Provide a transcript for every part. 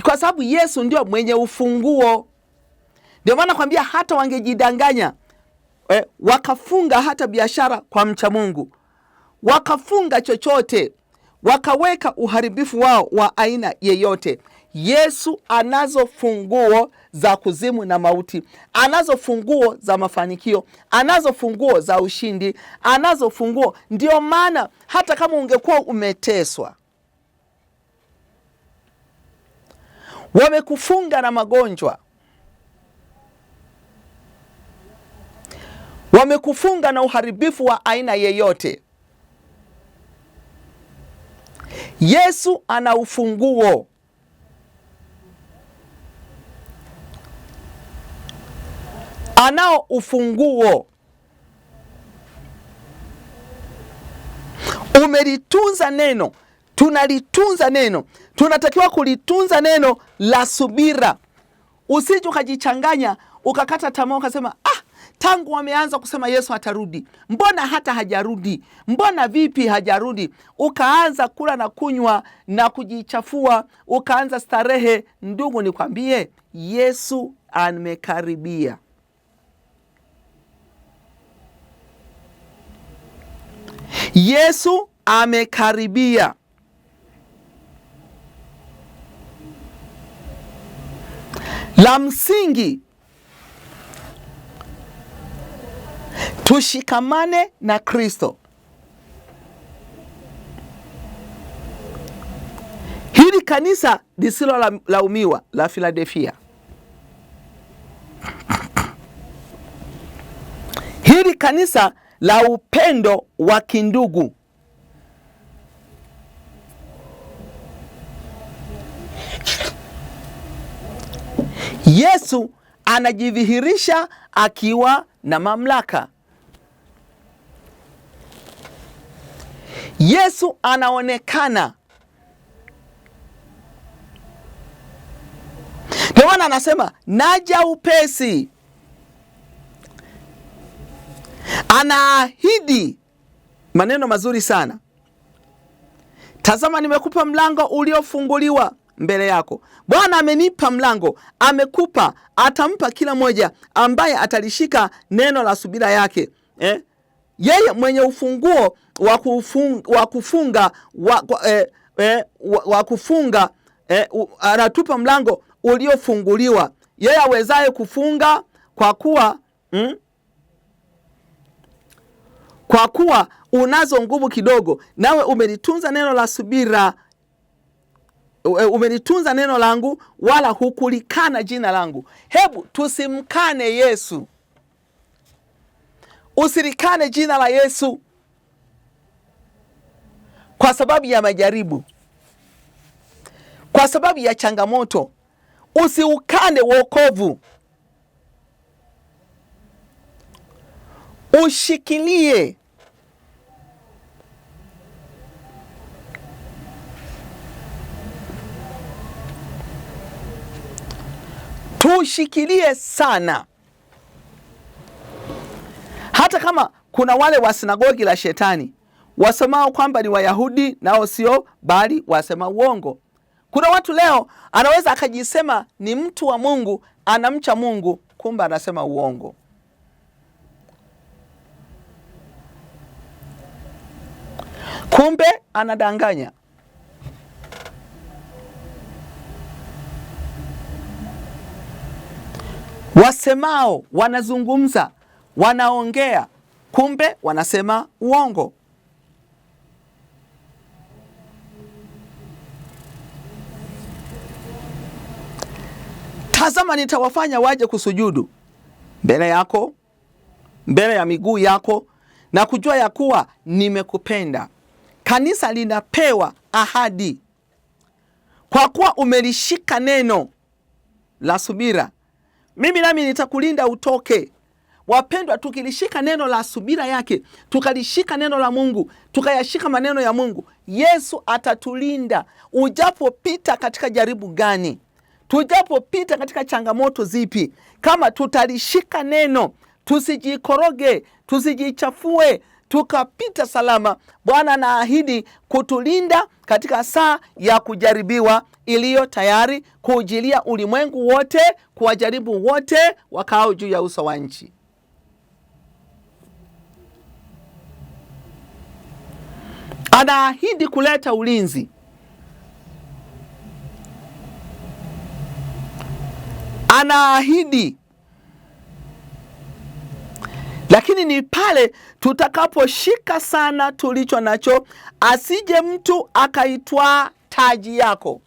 kwa sababu Yesu ndio mwenye ufunguo. Ndio maana kwambia hata wangejidanganya eh, wakafunga hata biashara kwa mcha Mungu, wakafunga chochote, wakaweka uharibifu wao wa aina yeyote, Yesu anazo funguo za kuzimu na mauti, anazo funguo za mafanikio, anazo funguo za ushindi, anazo funguo. Ndio maana hata kama ungekuwa umeteswa wamekufunga na magonjwa, wamekufunga na uharibifu wa aina yeyote. Yesu ana ufunguo. Anao ufunguo. Umelitunza neno tunalitunza neno, tunatakiwa kulitunza neno la subira. Usije ukajichanganya ukakata tamaa ukasema ah, tangu wameanza kusema Yesu atarudi, mbona hata hajarudi? Mbona vipi hajarudi? Ukaanza kula na kunywa na kujichafua, ukaanza starehe. Ndugu, nikwambie, Yesu amekaribia. Yesu amekaribia. La msingi tushikamane na Kristo. Hili kanisa lisilo la, la Filadelfia, hili kanisa la upendo wa kindugu Yesu anajidhihirisha akiwa na mamlaka. Yesu anaonekana. Ndio maana anasema naja upesi. Anaahidi maneno mazuri sana. Tazama, nimekupa mlango uliofunguliwa mbele yako. Bwana amenipa mlango, amekupa, atampa kila moja ambaye atalishika neno la subira yake eh? Yeye mwenye ufunguo wa kufunga, wa kufunga, wa, eh, eh, wa, wa kufunga eh, anatupa mlango uliofunguliwa. Yeye awezaye kufunga kwa kuwa mm, kwa kuwa unazo nguvu kidogo, nawe umelitunza neno la subira Eh, umelitunza neno langu wala hukulikana jina langu. Hebu tusimkane Yesu, usilikane jina la Yesu kwa sababu ya majaribu, kwa sababu ya changamoto. Usiukane wokovu, ushikilie tushikilie sana, hata kama kuna wale wa sinagogi la Shetani wasemao kwamba ni Wayahudi nao sio, bali wasema uongo. Kuna watu leo anaweza akajisema ni mtu wa Mungu, anamcha Mungu, kumbe anasema uongo. Kumbe anadanganya. Wasemao wanazungumza, wanaongea, kumbe wanasema uongo. Tazama, nitawafanya waje kusujudu mbele yako, mbele ya miguu yako, na kujua ya kuwa nimekupenda. Kanisa linapewa ahadi, kwa kuwa umelishika neno la subira mimi nami nitakulinda utoke. Wapendwa, tukilishika neno la subira yake, tukalishika neno la Mungu, tukayashika maneno ya Mungu, Yesu atatulinda. Ujapopita katika jaribu gani, tujapopita katika changamoto zipi, kama tutalishika neno, tusijikoroge, tusijichafue tukapita salama. Bwana anaahidi kutulinda katika saa ya kujaribiwa iliyo tayari kuujilia ulimwengu wote, kuwajaribu wote wakao juu ya uso wa nchi. Anaahidi kuleta ulinzi, anaahidi lakini ni pale tutakaposhika sana tulicho nacho, asije mtu akaitwaa taji yako.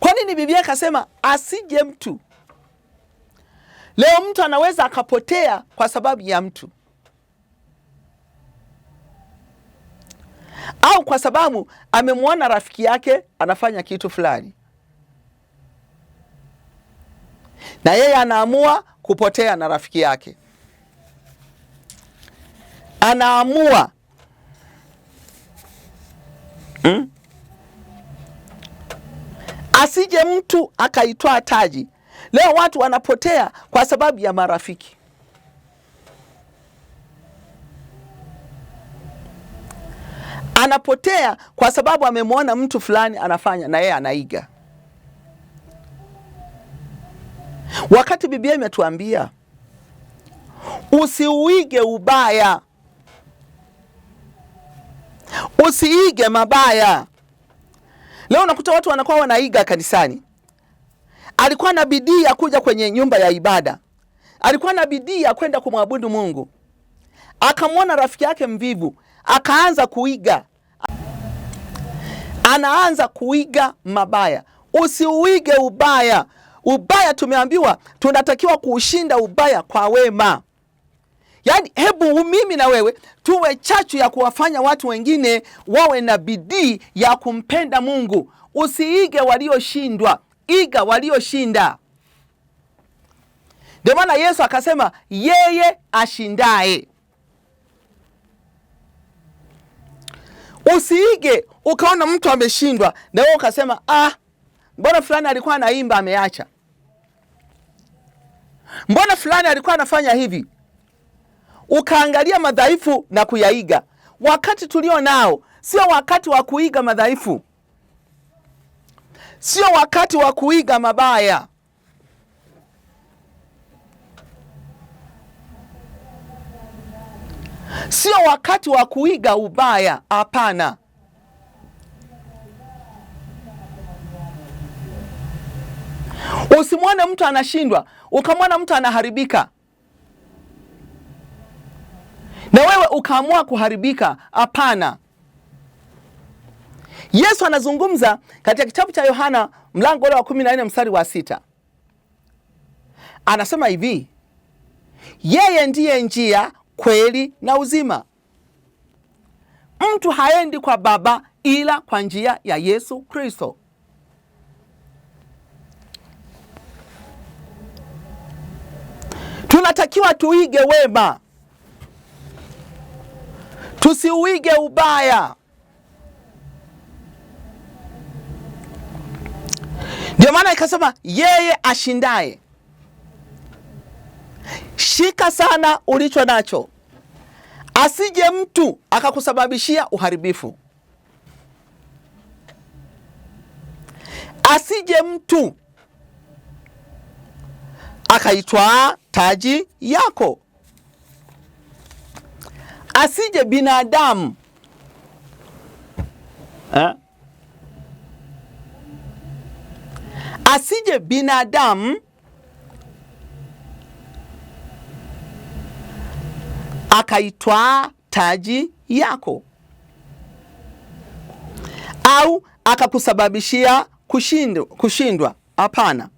Kwa nini Biblia ikasema asije mtu? Leo mtu anaweza akapotea kwa sababu ya mtu au kwa sababu amemwona rafiki yake anafanya kitu fulani na yeye anaamua kupotea na rafiki yake, anaamua hmm? Asije mtu akaitwaa taji. Leo watu wanapotea kwa sababu ya marafiki. Anapotea kwa sababu amemwona mtu fulani anafanya na yeye anaiga. Wakati Biblia imetuambia usiuige ubaya, usiige mabaya. Leo unakuta watu wanakuwa wanaiga kanisani. Alikuwa na bidii ya kuja kwenye nyumba ya ibada, alikuwa na bidii ya kwenda kumwabudu Mungu, akamwona rafiki yake mvivu, akaanza kuiga, anaanza kuiga mabaya. Usiuige ubaya. Ubaya tumeambiwa tunatakiwa kuushinda ubaya kwa wema. Yaani, hebu mimi na wewe tuwe chachu ya kuwafanya watu wengine wawe na bidii ya kumpenda Mungu. Usiige walioshindwa, iga walioshinda. Ndio maana Yesu akasema yeye ashindaye. Usiige ukaona mtu ameshindwa na wewe ukasema ah, mbona fulani alikuwa anaimba ameacha mbona fulani alikuwa anafanya hivi, ukaangalia madhaifu na kuyaiga. Wakati tulio nao sio wakati wa kuiga madhaifu, sio wakati wa kuiga mabaya. Sio wakati wa kuiga ubaya, hapana. Usimwone mtu anashindwa ukamwona mtu anaharibika na wewe ukaamua kuharibika? Hapana. Yesu anazungumza katika kitabu cha Yohana mlango ule wa 14 mstari wa sita, anasema hivi, yeye ndiye njia, kweli na uzima. Mtu haendi kwa Baba ila kwa njia ya Yesu Kristo. Tunatakiwa tuige wema, tusiuige ubaya. Ndio maana ikasema yeye ashindaye, shika sana ulicho nacho, asije mtu akakusababishia uharibifu, asije mtu akaitwa taji yako, asije binadamu ha? Eh? asije binadamu akaitwaa taji yako au akakusababishia kushindwa. Hapana,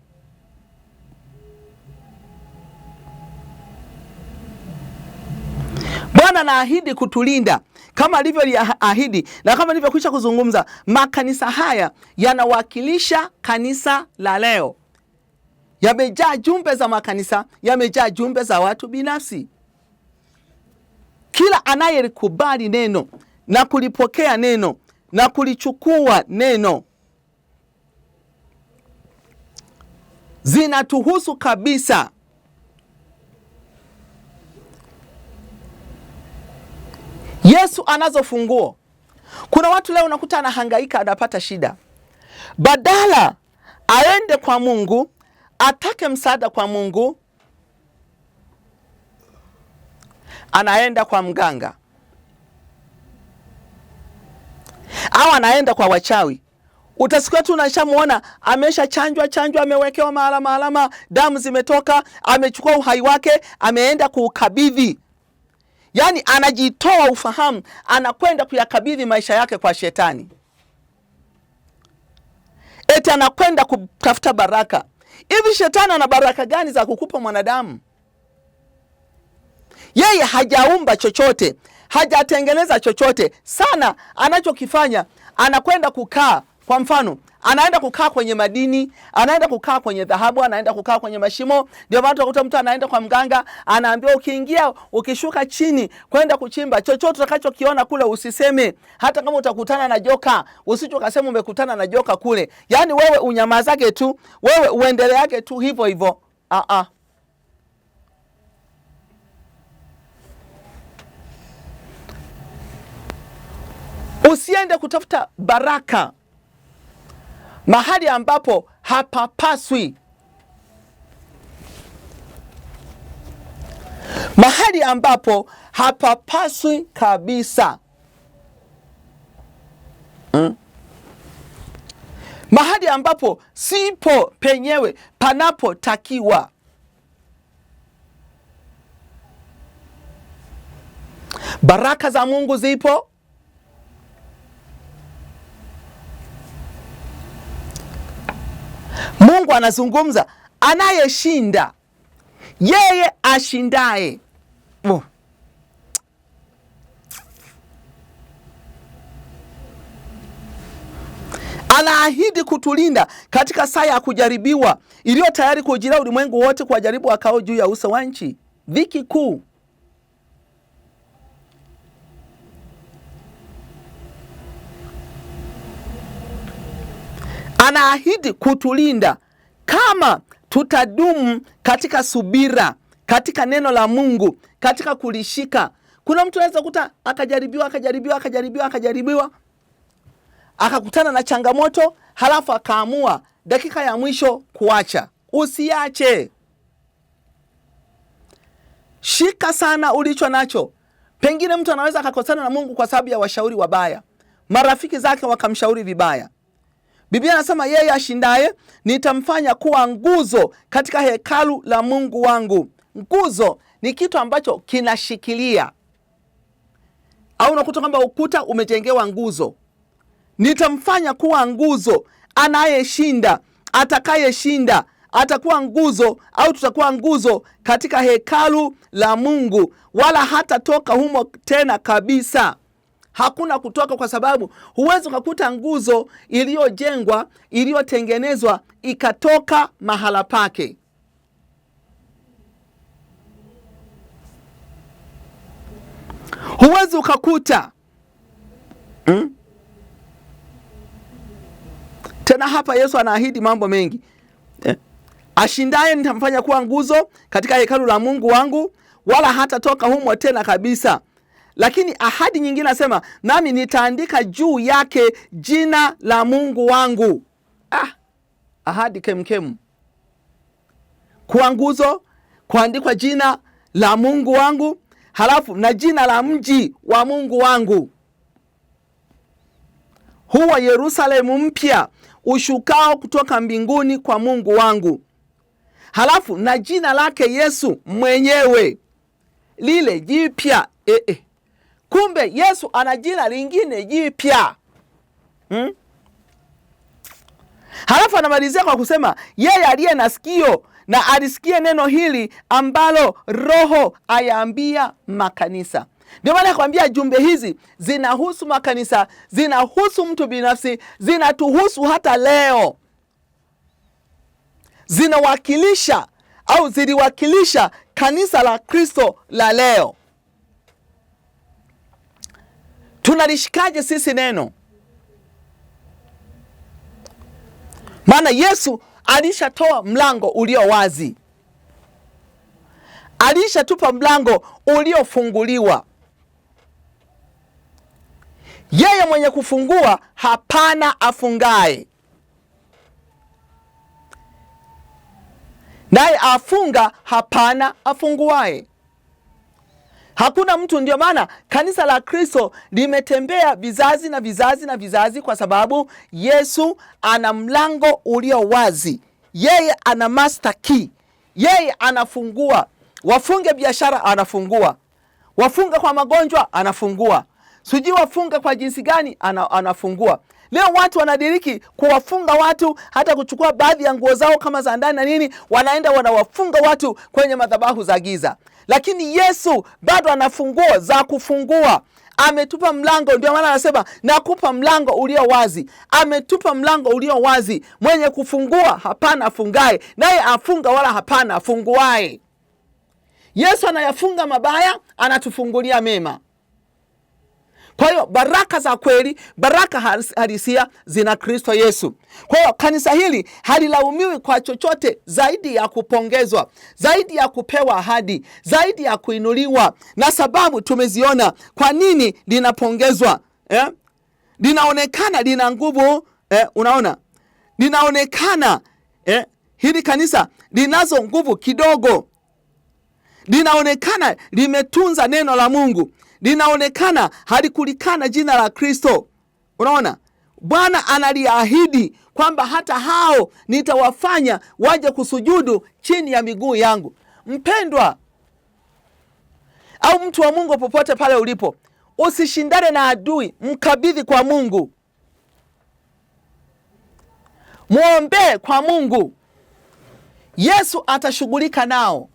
Bwana anaahidi kutulinda kama alivyoahidi na kama nilivyokwisha kuzungumza, makanisa haya yanawakilisha kanisa la leo, yamejaa jumbe za makanisa, yamejaa jumbe za watu binafsi. Kila anayelikubali neno na kulipokea neno na kulichukua neno zinatuhusu kabisa. Yesu anazo funguo. Kuna watu leo unakuta anahangaika, anapata shida, badala aende kwa Mungu atake msaada kwa Mungu, anaenda kwa mganga au anaenda kwa wachawi. Utasikia tu unashamuona amesha chanjwa chanjwa, amewekewa maalama alama, damu zimetoka, amechukua uhai wake, ameenda kuukabidhi yaani anajitoa ufahamu, anakwenda kuyakabidhi maisha yake kwa shetani, eti anakwenda kutafuta baraka. Hivi shetani ana baraka gani za kukupa mwanadamu? Yeye hajaumba chochote, hajatengeneza chochote sana. Anachokifanya anakwenda kukaa, kwa mfano anaenda kukaa kwenye madini, anaenda kukaa kwenye dhahabu, anaenda kukaa kwenye mashimo. Ndio maana utakuta mtu anaenda kwa mganga, anaambiwa ukiingia, ukishuka chini kwenda kuchimba, chochote utakachokiona kule usiseme, hata kama utakutana na joka usicho umekutana na joka kule. Yani wewe unyamazake tu, wewe uendeleake tu hivyo hivyo. Ah ah. Usiende kutafuta baraka mahali ambapo hapapaswi, mahali ambapo hapapaswi kabisa hmm? Mahali ambapo sipo penyewe panapotakiwa, baraka za Mungu zipo Mungu anazungumza, anayeshinda yeye ashindaye. Oh. Anaahidi kutulinda katika saa ya kujaribiwa iliyo tayari kujira ulimwengu wote kwa jaribu wakao juu ya uso wa nchi, dhiki kuu. Anaahidi kutulinda kama tutadumu katika subira, katika neno la Mungu, katika kulishika. Kuna mtu anaweza kuta akajaribiwa akajaribiwa akajaribiwa akajaribiwa akakutana na changamoto, halafu akaamua dakika ya mwisho kuacha. Usiache, shika sana ulicho nacho. Pengine mtu anaweza akakosana na Mungu kwa sababu ya washauri wabaya, marafiki zake wakamshauri vibaya, Biblia anasema yeye ashindaye nitamfanya kuwa nguzo katika hekalu la Mungu wangu. Nguzo ni kitu ambacho kinashikilia, au unakuta kwamba ukuta umejengewa nguzo. Nitamfanya kuwa nguzo, anayeshinda, atakayeshinda atakuwa nguzo au tutakuwa nguzo katika hekalu la Mungu, wala hatatoka humo tena kabisa hakuna kutoka, kwa sababu huwezi ukakuta nguzo iliyojengwa iliyotengenezwa ikatoka mahala pake. Huwezi ukakuta hmm? Tena hapa Yesu anaahidi mambo mengi eh. Ashindaye nitamfanya kuwa nguzo katika hekalu la Mungu wangu, wala hata toka humo tena kabisa. Lakini ahadi nyingine asema, nami nitaandika juu yake jina la Mungu wangu. Ah, ahadi kemkem kuwa nguzo, kuandikwa jina la Mungu wangu, halafu na jina la mji wa Mungu wangu, huwa Yerusalemu mpya ushukao kutoka mbinguni kwa Mungu wangu, halafu na jina lake Yesu mwenyewe lile jipya. Eh, eh. Kumbe Yesu ana jina lingine jipya hmm? Halafu anamalizia kwa kusema yeye aliye na sikio na alisikie neno hili ambalo Roho ayaambia makanisa. Ndio maana nakwambia jumbe hizi zinahusu makanisa, zinahusu mtu binafsi, zinatuhusu hata leo, zinawakilisha au ziliwakilisha kanisa la Kristo la leo tunalishikaje sisi neno? Maana Yesu alishatoa mlango ulio wazi, alishatupa mlango uliofunguliwa. Yeye mwenye kufungua hapana afungaye, naye afunga hapana afunguaye. Hakuna mtu. Ndio maana kanisa la Kristo limetembea vizazi na vizazi na vizazi, kwa sababu Yesu ana mlango ulio wazi. Yeye ana master key, yeye anafungua. Wafunge biashara, anafungua. Wafunge kwa magonjwa, anafungua. Sijui wafunge kwa jinsi gani, ana, anafungua. Leo watu wanadiriki kuwafunga watu, hata kuchukua baadhi ya nguo zao kama za ndani na nini, wanaenda wanawafunga watu kwenye madhabahu za giza lakini Yesu bado ana funguo za kufungua. Ametupa mlango, ndio maana anasema nakupa mlango ulio wazi. Ametupa mlango ulio wazi, mwenye kufungua hapana afungaye, naye afunga wala hapana afunguaye. Yesu anayafunga mabaya, anatufungulia mema. Kwa hiyo baraka za kweli, baraka halisia zina Kristo Yesu. Kwa hiyo kanisa hili halilaumiwi kwa chochote zaidi ya kupongezwa, zaidi ya kupewa ahadi, zaidi ya kuinuliwa, na sababu tumeziona kwa nini linapongezwa eh? Linaonekana lina nguvu eh, unaona linaonekana eh, hili kanisa linazo nguvu kidogo, linaonekana limetunza neno la Mungu, linaonekana halikulikana jina la Kristo. Unaona, Bwana analiahidi kwamba hata hao nitawafanya waje kusujudu chini ya miguu yangu. Mpendwa au mtu wa Mungu, popote pale ulipo, usishindane na adui, mkabidhi kwa Mungu, mwombee kwa Mungu. Yesu atashughulika nao.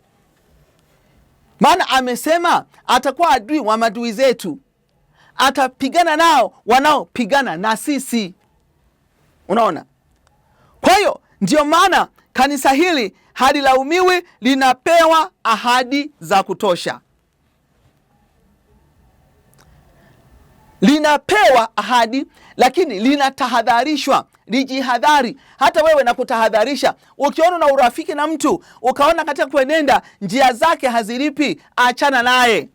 Maana amesema atakuwa adui wa madui zetu, atapigana nao wanaopigana na sisi. Unaona, kwa hiyo ndio maana kanisa hili halilaumiwi, linapewa ahadi za kutosha, linapewa ahadi, lakini linatahadharishwa Nijihadhari, hata wewe nakutahadharisha. Ukiona na urafiki na mtu ukaona katika kuenenda njia zake hazilipi, achana naye.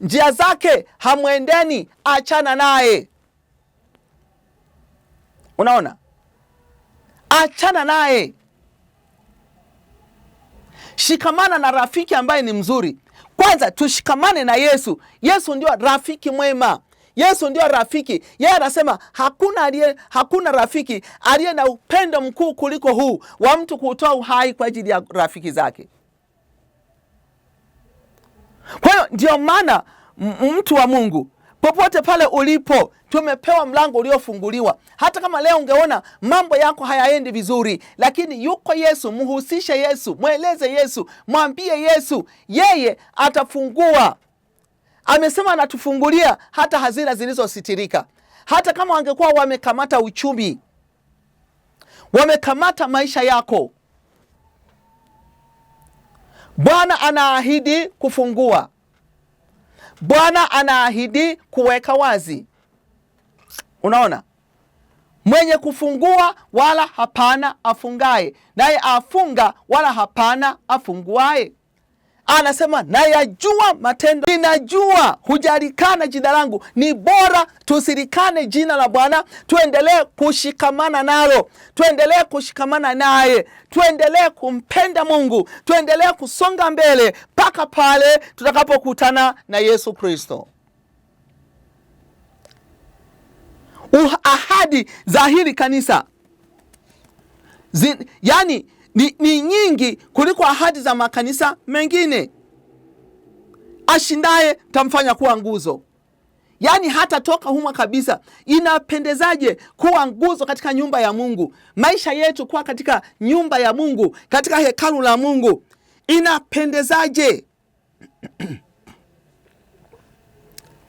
Njia zake hamwendeni, achana naye. Unaona, achana naye. Shikamana na rafiki ambaye ni mzuri. Kwanza tushikamane na Yesu. Yesu ndio rafiki mwema. Yesu ndio rafiki. Yeye anasema hakuna aliye, hakuna rafiki aliye na upendo mkuu kuliko huu wa mtu kutoa uhai kwa ajili ya rafiki zake. Kwa hiyo ndio maana mtu wa Mungu popote pale ulipo, tumepewa mlango uliofunguliwa. Hata kama leo ungeona mambo yako hayaendi vizuri, lakini yuko Yesu. Mhusishe Yesu, mweleze Yesu, mwambie Yesu, yeye atafungua Amesema anatufungulia hata hazina zilizositirika. Hata kama wangekuwa wamekamata uchumi, wamekamata maisha yako, Bwana anaahidi kufungua. Bwana anaahidi kuweka wazi. Unaona, mwenye kufungua wala hapana afungaye, naye afunga wala hapana afunguaye anasema nayajua matendo, ninajua hujarikana jina langu. Ni bora tusirikane jina la Bwana, tuendelee kushikamana nalo, tuendelee kushikamana naye, tuendelee kumpenda Mungu, tuendelee kusonga mbele mpaka pale tutakapokutana na Yesu Kristo. Ahadi za hili kanisa Zin, yani ni, ni nyingi kuliko ahadi za makanisa mengine. Ashindaye tamfanya kuwa nguzo, yaani hata toka huma kabisa. Inapendezaje kuwa nguzo katika nyumba ya Mungu? Maisha yetu kuwa katika nyumba ya Mungu, katika hekalu la Mungu, inapendezaje?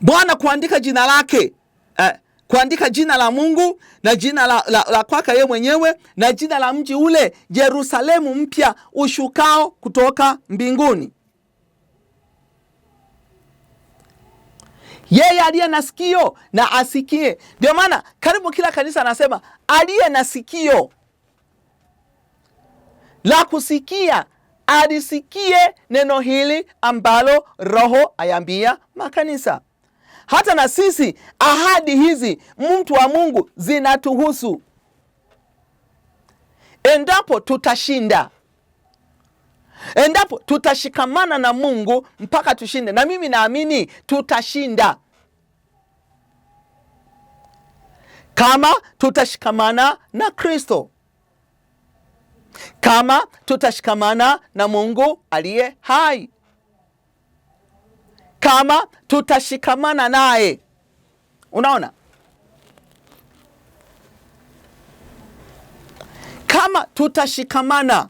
Bwana kuandika jina lake eh, kuandika jina la Mungu na jina la, la, la kwaka yeye mwenyewe na jina la mji ule Yerusalemu mpya ushukao kutoka mbinguni. Yeye aliye na sikio na asikie. Ndio maana karibu kila kanisa anasema aliye na sikio la kusikia alisikie neno hili ambalo Roho ayambia makanisa. Hata na sisi ahadi hizi, mtu wa Mungu, zinatuhusu endapo tutashinda, endapo tutashikamana na Mungu mpaka tushinde. Na mimi naamini tutashinda kama tutashikamana na Kristo, kama tutashikamana na Mungu aliye hai kama tutashikamana naye. Unaona, kama tutashikamana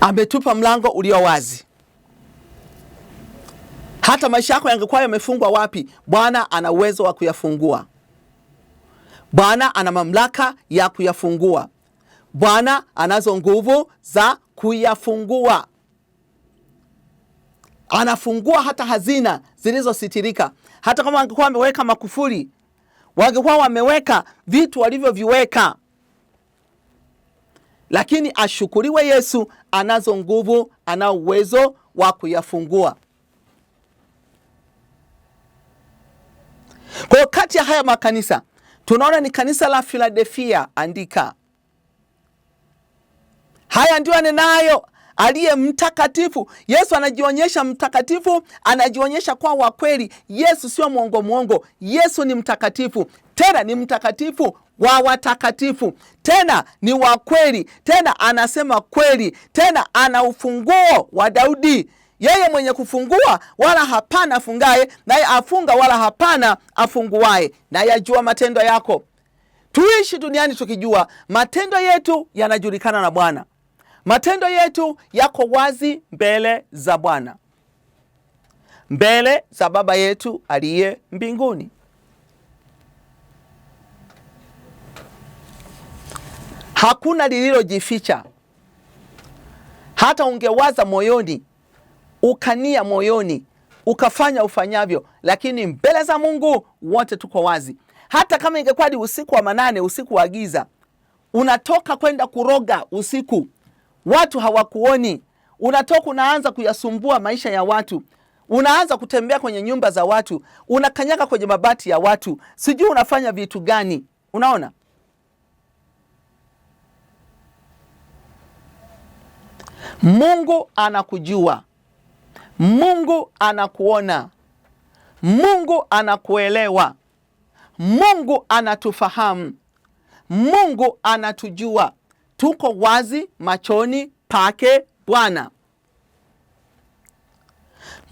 ametupa mlango ulio wazi. Hata maisha yako yangekuwa yamefungwa wapi, Bwana ana uwezo wa kuyafungua. Bwana ana mamlaka ya kuyafungua. Bwana anazo nguvu za kuyafungua. Anafungua hata hazina zilizositirika. Hata kama wangekuwa wameweka makufuri, wangekuwa wameweka vitu walivyoviweka, lakini ashukuriwe Yesu, anazo nguvu, ana uwezo wa kuyafungua. Kwa kati ya haya makanisa tunaona ni kanisa la Filadelfia, andika Haya ndio anenayo aliye mtakatifu. Yesu anajionyesha mtakatifu, anajionyesha kwa wa kweli. Yesu sio mwongo mwongo, Yesu ni mtakatifu, tena ni mtakatifu wa watakatifu, tena ni wa kweli, tena anasema kweli, tena ana ufunguo wa Daudi yeye mwenye kufungua wala hapana afungaye, naye afunga wala hapana afunguaye, naye ajua matendo yako. Tuishi duniani tukijua matendo yetu yanajulikana na Bwana. Matendo yetu yako wazi mbele za Bwana, mbele za Baba yetu aliye mbinguni. Hakuna lililojificha. Hata ungewaza moyoni, ukania moyoni, ukafanya ufanyavyo, lakini mbele za Mungu wote tuko wazi. Hata kama ingekuwa ni usiku wa manane, usiku wa giza, unatoka kwenda kuroga usiku watu hawakuoni, unatoka unaanza kuyasumbua maisha ya watu, unaanza kutembea kwenye nyumba za watu, unakanyaga kwenye mabati ya watu, sijui unafanya vitu gani. Unaona, Mungu anakujua, Mungu anakuona, Mungu anakuelewa, Mungu anatufahamu, Mungu anatujua tuko wazi machoni pake Bwana.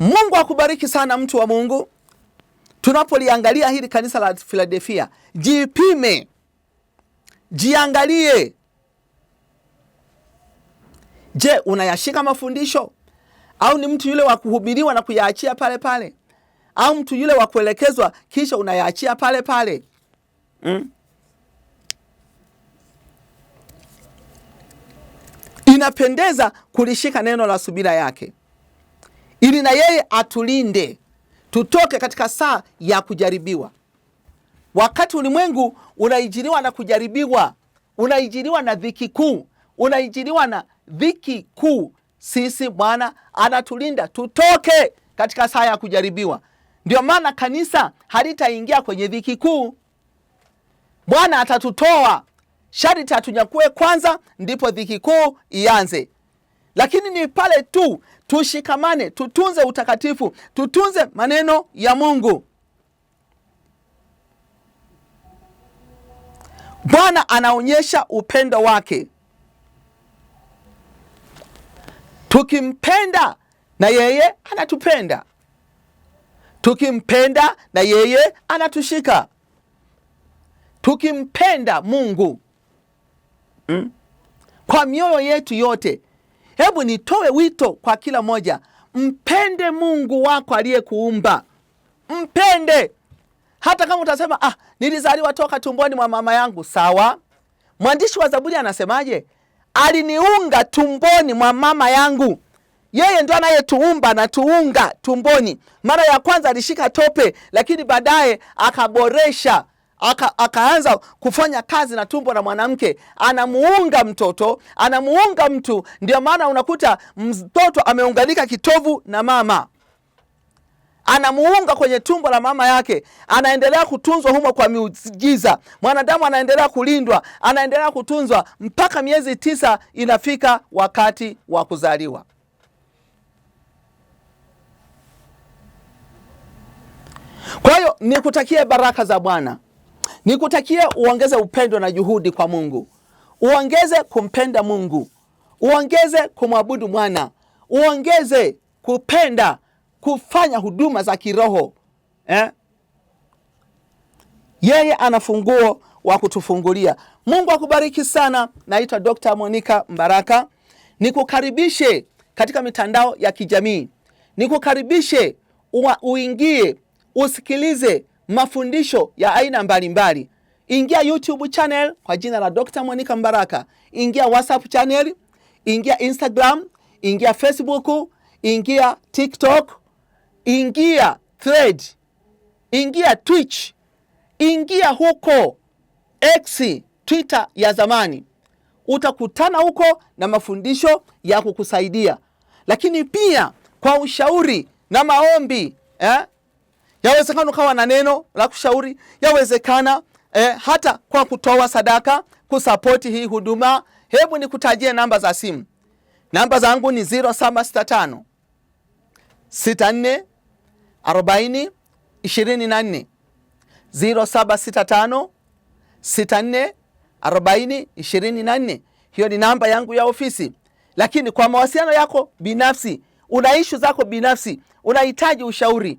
Mungu akubariki sana mtu wa Mungu. Tunapoliangalia hili kanisa la Philadelphia, jipime, jiangalie. Je, unayashika mafundisho au ni mtu yule wa kuhubiriwa na kuyaachia pale pale, au mtu yule wa kuelekezwa kisha unayaachia pale pale mm? inapendeza kulishika neno la subira yake, ili na yeye atulinde tutoke katika saa ya kujaribiwa. Wakati ulimwengu unaijiriwa na kujaribiwa, unaijiriwa na dhiki kuu, unaijiriwa na dhiki kuu, sisi Bwana anatulinda tutoke katika saa ya kujaribiwa. Ndio maana kanisa halitaingia kwenye dhiki kuu. Bwana atatutoa sharti atunyakue kwanza, ndipo dhiki kuu ianze. Lakini ni pale tu tushikamane, tutunze utakatifu, tutunze maneno ya Mungu. Bwana anaonyesha upendo wake, tukimpenda na yeye anatupenda, tukimpenda na yeye anatushika, tukimpenda Mungu mm, kwa mioyo yetu yote. Hebu nitoe wito kwa kila mmoja, mpende Mungu wako aliyekuumba, mpende hata kama utasema ah, nilizaliwa toka tumboni mwa mama yangu. Sawa, mwandishi wa Zaburi anasemaje? Aliniunga tumboni mwa mama yangu. Yeye ndo anayetuumba, tuunga tumboni. Mara ya kwanza alishika tope, lakini baadaye akaboresha aka, akaanza kufanya kazi na tumbo la mwanamke, anamuunga mtoto, anamuunga mtu. Ndio maana unakuta mtoto ameunganika kitovu na mama, anamuunga kwenye tumbo la mama yake, anaendelea kutunzwa humo kwa miujiza. Mwanadamu anaendelea kulindwa, anaendelea kutunzwa mpaka miezi tisa inafika wakati wa kuzaliwa. Kwa hiyo nikutakie baraka za Bwana. Nikutakie uongeze upendo na juhudi kwa Mungu, uongeze kumpenda Mungu, uongeze kumwabudu mwana, uongeze kupenda kufanya huduma za kiroho eh? Yeye ana funguo wa kutufungulia. Mungu akubariki sana. Naitwa Dr. Monica Mbaraka, nikukaribishe katika mitandao ya kijamii, nikukaribishe uingie usikilize mafundisho ya aina mbalimbali. Ingia YouTube channel kwa jina la Dr. Monica Mbaraka, ingia WhatsApp channel, ingia Instagram, ingia Facebook, ingia TikTok, ingia Thread, ingia Twitch, ingia huko X, Twitter ya zamani, utakutana huko na mafundisho ya kukusaidia, lakini pia kwa ushauri na maombi eh? Yawezekana ukawa na neno la kushauri, yawezekana eh, hata kwa kutoa sadaka kusapoti hii huduma. Hebu nikutajie namba za simu. Namba zangu ni 0765 Hiyo ni namba yangu ya ofisi. Lakini kwa mawasiliano yako binafsi, una ishu zako binafsi, unahitaji ushauri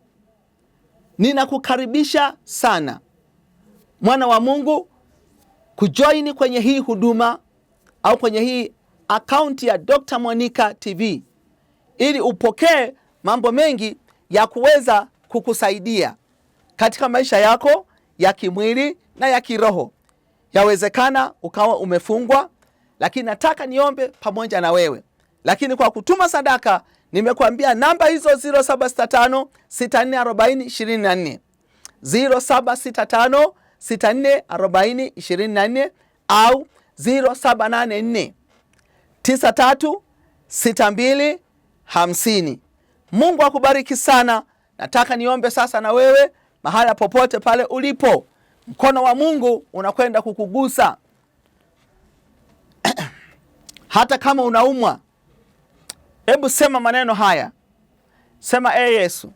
Ninakukaribisha sana mwana wa Mungu kujoini kwenye hii huduma au kwenye hii akaunti ya Dr. Monica TV ili upokee mambo mengi ya kuweza kukusaidia katika maisha yako ya kimwili na ya kiroho. Yawezekana ukawa umefungwa, lakini nataka niombe pamoja na wewe, lakini kwa kutuma sadaka Nimekuambia namba hizo 0765 6440 24, 0765 6440 au 0784 93 62 50. Mungu akubariki sana. Nataka niombe sasa na wewe mahala popote pale ulipo, mkono wa Mungu unakwenda kukugusa hata kama unaumwa Hebu sema maneno haya, sema: E Yesu,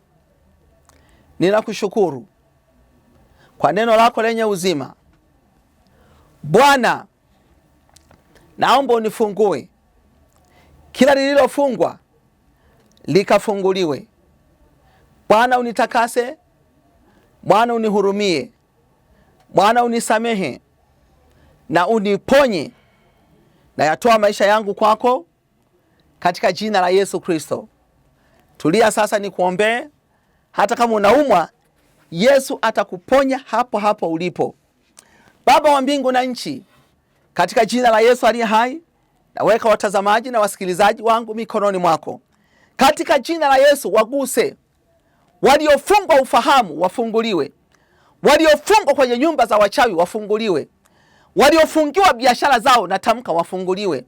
ninakushukuru kwa neno lako lenye uzima. Bwana, naomba unifungue, kila lililofungwa likafunguliwe. Bwana unitakase, Bwana unihurumie, Bwana unisamehe na uniponye. Nayatoa maisha yangu kwako katika jina la Yesu Kristo. Tulia sasa, ni kuombee. Hata kama unaumwa, Yesu atakuponya hapo hapo ulipo. Baba wa mbingu na nchi, katika jina la Yesu aliye hai, naweka watazamaji na wasikilizaji wangu mikononi mwako. Katika jina la Yesu waguse, waliofungwa ufahamu wafunguliwe, waliofungwa kwenye nyumba za wachawi wafunguliwe, waliofungiwa biashara zao natamka wafunguliwe,